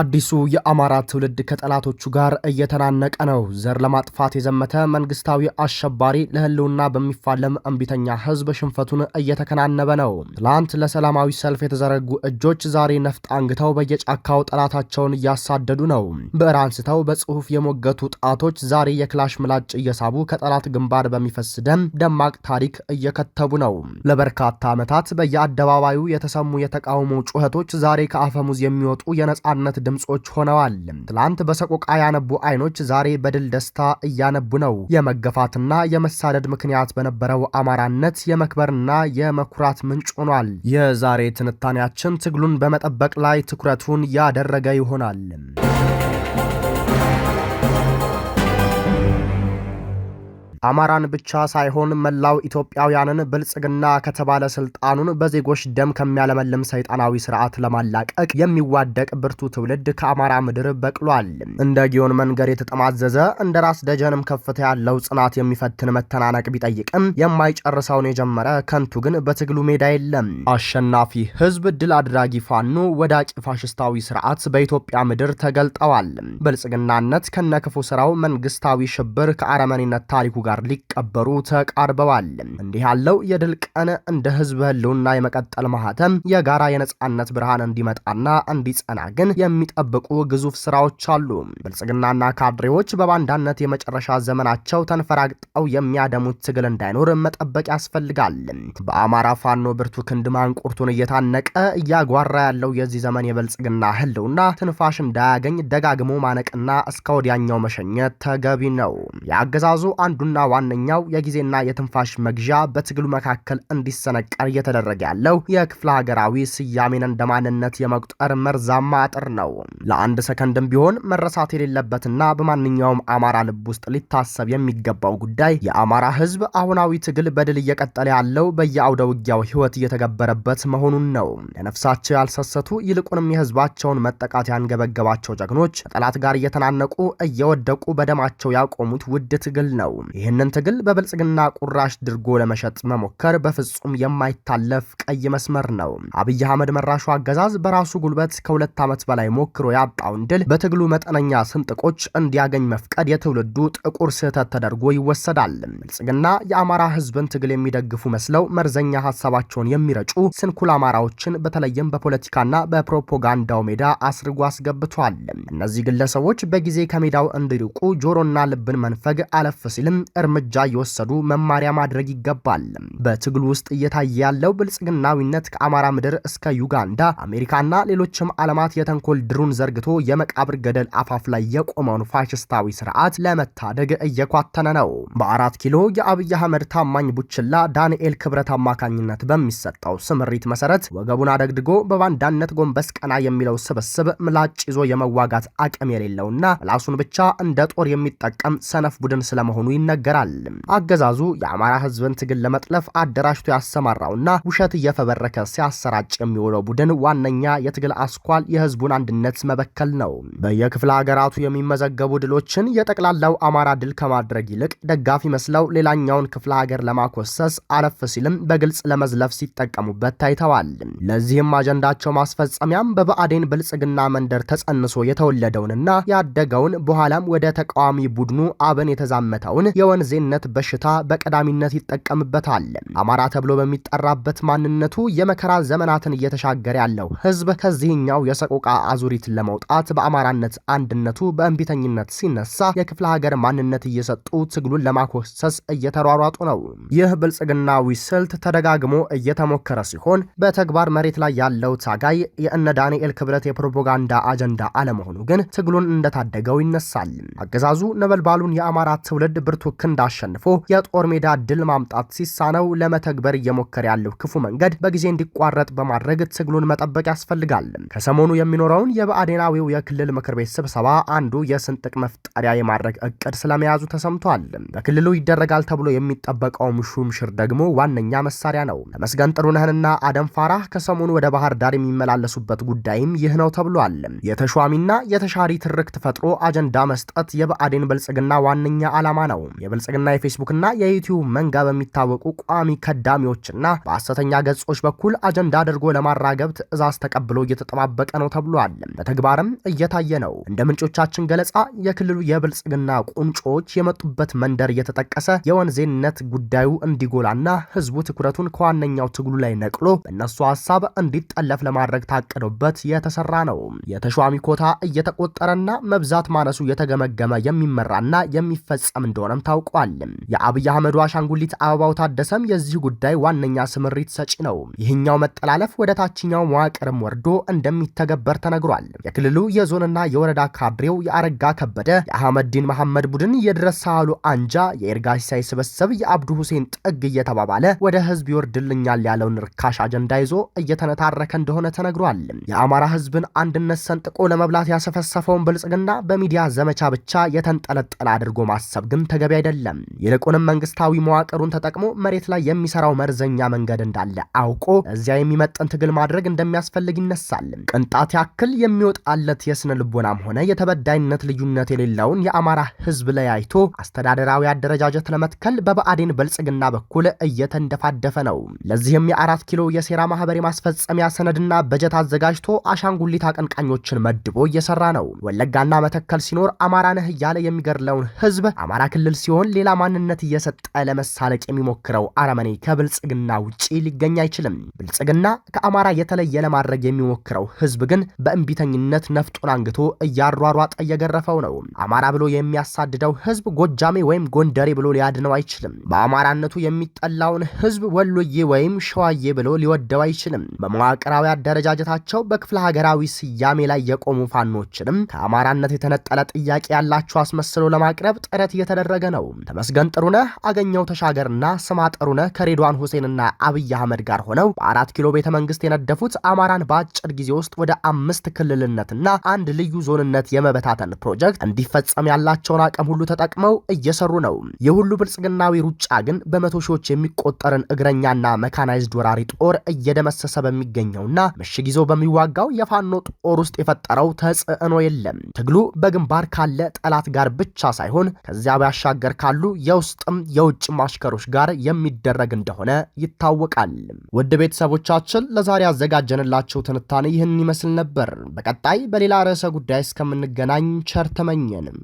አዲሱ የአማራ ትውልድ ከጠላቶቹ ጋር እየተናነቀ ነው። ዘር ለማጥፋት የዘመተ መንግስታዊ አሸባሪ ለህልውና በሚፋለም እምቢተኛ ህዝብ ሽንፈቱን እየተከናነበ ነው። ትላንት ለሰላማዊ ሰልፍ የተዘረጉ እጆች ዛሬ ነፍጥ አንግተው በየጫካው ጠላታቸውን እያሳደዱ ነው። ብዕር አንስተው በጽሁፍ የሞገቱ ጣቶች ዛሬ የክላሽ ምላጭ እየሳቡ ከጠላት ግንባር በሚፈስ ደም ደማቅ ታሪክ እየከተቡ ነው። ለበርካታ ዓመታት በየአደባባዩ የተሰሙ የተቃውሞ ጩኸቶች ዛሬ ከአፈሙዝ የሚወጡ የነጻነት ድምፆች ሆነዋል። ትላንት በሰቆቃ ያነቡ አይኖች ዛሬ በድል ደስታ እያነቡ ነው። የመገፋትና የመሳደድ ምክንያት በነበረው አማራነት የመክበርና የመኩራት ምንጭ ሆኗል። የዛሬ ትንታኔያችን ትግሉን በመጠበቅ ላይ ትኩረቱን ያደረገ ይሆናል። አማራን ብቻ ሳይሆን መላው ኢትዮጵያውያንን ብልጽግና ከተባለ ስልጣኑን በዜጎች ደም ከሚያለመልም ሰይጣናዊ ስርዓት ለማላቀቅ የሚዋደቅ ብርቱ ትውልድ ከአማራ ምድር በቅሏል። እንደ ጊዮን መንገድ የተጠማዘዘ እንደ ራስ ደጀንም ከፍታ ያለው ጽናት የሚፈትን መተናነቅ ቢጠይቅም የማይጨርሰውን የጀመረ ከንቱ ግን በትግሉ ሜዳ የለም። አሸናፊ ህዝብ፣ ድል አድራጊ ፋኖ፣ ወዳቂ ፋሽስታዊ ስርዓት በኢትዮጵያ ምድር ተገልጠዋል። ብልጽግናነት ከነክፉ ስራው መንግስታዊ ሽብር ከአረመኔነት ታሪኩ ጋር ጋር ሊቀበሩ ተቃርበዋል። እንዲህ ያለው የድል ቀን እንደ ህዝብ ህልውና የመቀጠል ማህተም የጋራ የነጻነት ብርሃን እንዲመጣና እንዲጸና ግን የሚጠብቁ ግዙፍ ስራዎች አሉ። ብልጽግናና ካድሬዎች በባንዳነት የመጨረሻ ዘመናቸው ተንፈራግጠው የሚያደሙት ትግል እንዳይኖር መጠበቅ ያስፈልጋል። በአማራ ፋኖ ብርቱ ክንድ ማንቁርቱን እየታነቀ እያጓራ ያለው የዚህ ዘመን የብልጽግና ህልውና ትንፋሽ እንዳያገኝ ደጋግሞ ማነቅና እስከ ወዲያኛው መሸኘት ተገቢ ነው። የአገዛዙ አንዱና ዋነኛው የጊዜና የትንፋሽ መግዣ በትግሉ መካከል እንዲሰነቀር እየተደረገ ያለው የክፍለ ሀገራዊ ስያሜን እንደ ማንነት የመቁጠር መርዛማ አጥር ነው። ለአንድ ሰከንድም ቢሆን መረሳት የሌለበትና በማንኛውም አማራ ልብ ውስጥ ሊታሰብ የሚገባው ጉዳይ የአማራ ህዝብ አሁናዊ ትግል በድል እየቀጠለ ያለው በየአውደ ውጊያው ህይወት እየተገበረበት መሆኑን ነው። ለነፍሳቸው ያልሰሰቱ ይልቁንም የህዝባቸውን መጠቃት ያንገበገባቸው ጀግኖች ከጠላት ጋር እየተናነቁ እየወደቁ በደማቸው ያቆሙት ውድ ትግል ነው። ይህ ይህንን ትግል በብልጽግና ቁራሽ ድርጎ ለመሸጥ መሞከር በፍጹም የማይታለፍ ቀይ መስመር ነው። አብይ አህመድ መራሹ አገዛዝ በራሱ ጉልበት ከሁለት ዓመት በላይ ሞክሮ ያጣውን ድል በትግሉ መጠነኛ ስንጥቆች እንዲያገኝ መፍቀድ የትውልዱ ጥቁር ስህተት ተደርጎ ይወሰዳል። ብልጽግና የአማራ ህዝብን ትግል የሚደግፉ መስለው መርዘኛ ሀሳባቸውን የሚረጩ ስንኩል አማራዎችን በተለይም በፖለቲካና በፕሮፓጋንዳው ሜዳ አስርጎ አስገብቷል። እነዚህ ግለሰቦች በጊዜ ከሜዳው እንዲርቁ ጆሮና ልብን መንፈግ አለፍ ሲልም እርምጃ እየወሰዱ መማሪያ ማድረግ ይገባል። በትግሉ ውስጥ እየታየ ያለው ብልጽግናዊነት ከአማራ ምድር እስከ ዩጋንዳ፣ አሜሪካና ሌሎችም ዓለማት የተንኮል ድሩን ዘርግቶ የመቃብር ገደል አፋፍ ላይ የቆመውን ፋሽስታዊ ስርዓት ለመታደግ እየኳተነ ነው። በአራት ኪሎ የአብይ አህመድ ታማኝ ቡችላ ዳንኤል ክብረት አማካኝነት በሚሰጠው ስምሪት መሰረት ወገቡን አደግድጎ በባንዳነት ጎንበስ ቀና የሚለው ስብስብ ምላጭ ይዞ የመዋጋት አቅም የሌለውና ምላሱን ብቻ እንደ ጦር የሚጠቀም ሰነፍ ቡድን ስለመሆኑ ይነገራል። ይናገራል። አገዛዙ የአማራ ህዝብን ትግል ለመጥለፍ አደራጅቶ ያሰማራውና ውሸት እየፈበረከ ሲያሰራጭ የሚውለው ቡድን ዋነኛ የትግል አስኳል የህዝቡን አንድነት መበከል ነው። በየክፍለ ሀገራቱ የሚመዘገቡ ድሎችን የጠቅላላው አማራ ድል ከማድረግ ይልቅ ደጋፊ መስለው ሌላኛውን ክፍለ ሀገር ለማኮሰስ አለፍ ሲልም በግልጽ ለመዝለፍ ሲጠቀሙበት ታይተዋል። ለዚህም አጀንዳቸው ማስፈጸሚያም በብአዴን ብልጽግና መንደር ተጸንሶ የተወለደውንና ያደገውን በኋላም ወደ ተቃዋሚ ቡድኑ አብን የተዛመተውን የወንዜነት በሽታ በቀዳሚነት ይጠቀምበታል። አማራ ተብሎ በሚጠራበት ማንነቱ የመከራ ዘመናትን እየተሻገረ ያለው ህዝብ ከዚህኛው የሰቆቃ አዙሪት ለመውጣት በአማራነት አንድነቱ በእንቢተኝነት ሲነሳ የክፍለ ሀገር ማንነት እየሰጡ ትግሉን ለማኮሰስ እየተሯሯጡ ነው። ይህ ብልጽግናዊ ስልት ተደጋግሞ እየተሞከረ ሲሆን በተግባር መሬት ላይ ያለው ታጋይ የእነ ዳንኤል ክብረት የፕሮፓጋንዳ አጀንዳ አለመሆኑ ግን ትግሉን እንደታደገው ይነሳል። አገዛዙ ነበልባሉን የአማራ ትውልድ ብርቱ ክንድ አሸንፎ የጦር ሜዳ ድል ማምጣት ሲሳነው ለመተግበር እየሞከረ ያለው ክፉ መንገድ በጊዜ እንዲቋረጥ በማድረግ ትግሉን መጠበቅ ያስፈልጋል። ከሰሞኑ የሚኖረውን የብአዴናዊው የክልል ምክር ቤት ስብሰባ አንዱ የስንጥቅ መፍጠሪያ የማድረግ እቅድ ስለመያዙ ተሰምቷል። በክልሉ ይደረጋል ተብሎ የሚጠበቀውም ሹምሽር ደግሞ ዋነኛ መሳሪያ ነው። ተመስገን ጥሩነህንና አደም ፋራህ ከሰሞኑ ወደ ባህር ዳር የሚመላለሱበት ጉዳይም ይህ ነው ተብሏል። የተሿሚና የተሻሪ ትርክት ፈጥሮ አጀንዳ መስጠት የብአዴን ብልጽግና ዋነኛ ዓላማ ነው። የብልጽግና የፌስቡክና የዩቲዩብ መንጋ በሚታወቁ ቋሚ ከዳሚዎችና በሐሰተኛ ገጾች በኩል አጀንዳ አድርጎ ለማራገብ ትዕዛዝ ተቀብሎ እየተጠባበቀ ነው ተብሏል። በተግባርም እየታየ ነው። እንደ ምንጮቻችን ገለጻ የክልሉ የብልጽግና ቁንጮዎች የመጡበት መንደር እየተጠቀሰ የወንዜነት ጉዳዩ እንዲጎላና ህዝቡ ትኩረቱን ከዋነኛው ትግሉ ላይ ነቅሎ በእነሱ ሀሳብ እንዲጠለፍ ለማድረግ ታቅዶበት የተሰራ ነው። የተሿሚ ኮታ እየተቆጠረና መብዛት ማነሱ እየተገመገመ የሚመራና የሚፈጸም እንደሆነም ታውቋል። ታውቋል። የአብይ አህመዱ አሻንጉሊት አበባው ታደሰም የዚህ ጉዳይ ዋነኛ ስምሪት ሰጪ ነው። ይህኛው መጠላለፍ ወደ ታችኛው መዋቅርም ወርዶ እንደሚተገበር ተነግሯል። የክልሉ የዞንና የወረዳ ካድሬው የአረጋ ከበደ፣ የአህመድዲን መሐመድ ቡድን፣ የድረስ ሳህሉ አንጃ፣ የኤርጋ ሲሳይ ስብስብ፣ የአብዱ ሁሴን ጥግ እየተባባለ ወደ ህዝብ ይወርድልኛል ያለውን ርካሽ አጀንዳ ይዞ እየተነታረከ እንደሆነ ተነግሯል። የአማራ ህዝብን አንድነት ሰንጥቆ ለመብላት ያሰፈሰፈውን ብልጽግና በሚዲያ ዘመቻ ብቻ የተንጠለጠለ አድርጎ ማሰብ ግን ተገቢ አይደለም። አይደለም። ይልቁንም መንግስታዊ መዋቅሩን ተጠቅሞ መሬት ላይ የሚሰራው መርዘኛ መንገድ እንዳለ አውቆ እዚያ የሚመጥን ትግል ማድረግ እንደሚያስፈልግ ይነሳል። ቅንጣት ያክል የሚወጣለት የስነ ልቦናም ሆነ የተበዳይነት ልዩነት የሌለውን የአማራ ህዝብ ለያይቶ አስተዳደራዊ አደረጃጀት ለመትከል በብአዴን ብልጽግና በኩል እየተንደፋደፈ ነው። ለዚህም የአራት ኪሎ የሴራ ማህበር የማስፈጸሚያ ሰነድና በጀት አዘጋጅቶ አሻንጉሊት አቀንቃኞችን መድቦ እየሰራ ነው። ወለጋና መተከል ሲኖር አማራ ነህ እያለ የሚገድለውን ህዝብ አማራ ክልል ሲሆን ሳይሆን ሌላ ማንነት እየሰጠ ለመሳለቅ የሚሞክረው አረመኔ ከብልጽግና ውጪ ሊገኝ አይችልም። ብልጽግና ከአማራ የተለየ ለማድረግ የሚሞክረው ህዝብ ግን በእንቢተኝነት ነፍጡን አንግቶ እያሯሯጠ እየገረፈው ነው። አማራ ብሎ የሚያሳድደው ህዝብ ጎጃሜ ወይም ጎንደሬ ብሎ ሊያድነው አይችልም። በአማራነቱ የሚጠላውን ህዝብ ወሎዬ ወይም ሸዋዬ ብሎ ሊወደው አይችልም። በመዋቅራዊ አደረጃጀታቸው በክፍለ ሀገራዊ ስያሜ ላይ የቆሙ ፋኖችንም ከአማራነት የተነጠለ ጥያቄ ያላቸው አስመስሎ ለማቅረብ ጥረት እየተደረገ ነው። ተመስገን ጥሩነህ፣ አገኘው ተሻገርና ስማ ጥሩነህ ከሬድዋን ሁሴንና አብይ አህመድ ጋር ሆነው በአራት ኪሎ ቤተ መንግስት የነደፉት አማራን በአጭር ጊዜ ውስጥ ወደ አምስት ክልልነትና አንድ ልዩ ዞንነት የመበታተን ፕሮጀክት እንዲፈጸም ያላቸውን አቅም ሁሉ ተጠቅመው እየሰሩ ነው። የሁሉ ብልጽግናዊ ሩጫ ግን በመቶ ሺዎች የሚቆጠርን እግረኛና መካናይዝድ ወራሪ ጦር እየደመሰሰ በሚገኘውና ምሽግ ይዞ በሚዋጋው የፋኖ ጦር ውስጥ የፈጠረው ተጽዕኖ የለም። ትግሉ በግንባር ካለ ጠላት ጋር ብቻ ሳይሆን ከዚያ ባሻገር ሀገር ካሉ የውስጥም የውጭ ማሽከሮች ጋር የሚደረግ እንደሆነ ይታወቃል። ውድ ቤተሰቦቻችን ለዛሬ ያዘጋጀንላቸው ትንታኔ ይህን ይመስል ነበር። በቀጣይ በሌላ ርዕሰ ጉዳይ እስከምንገናኝ ቸር ተመኘንም።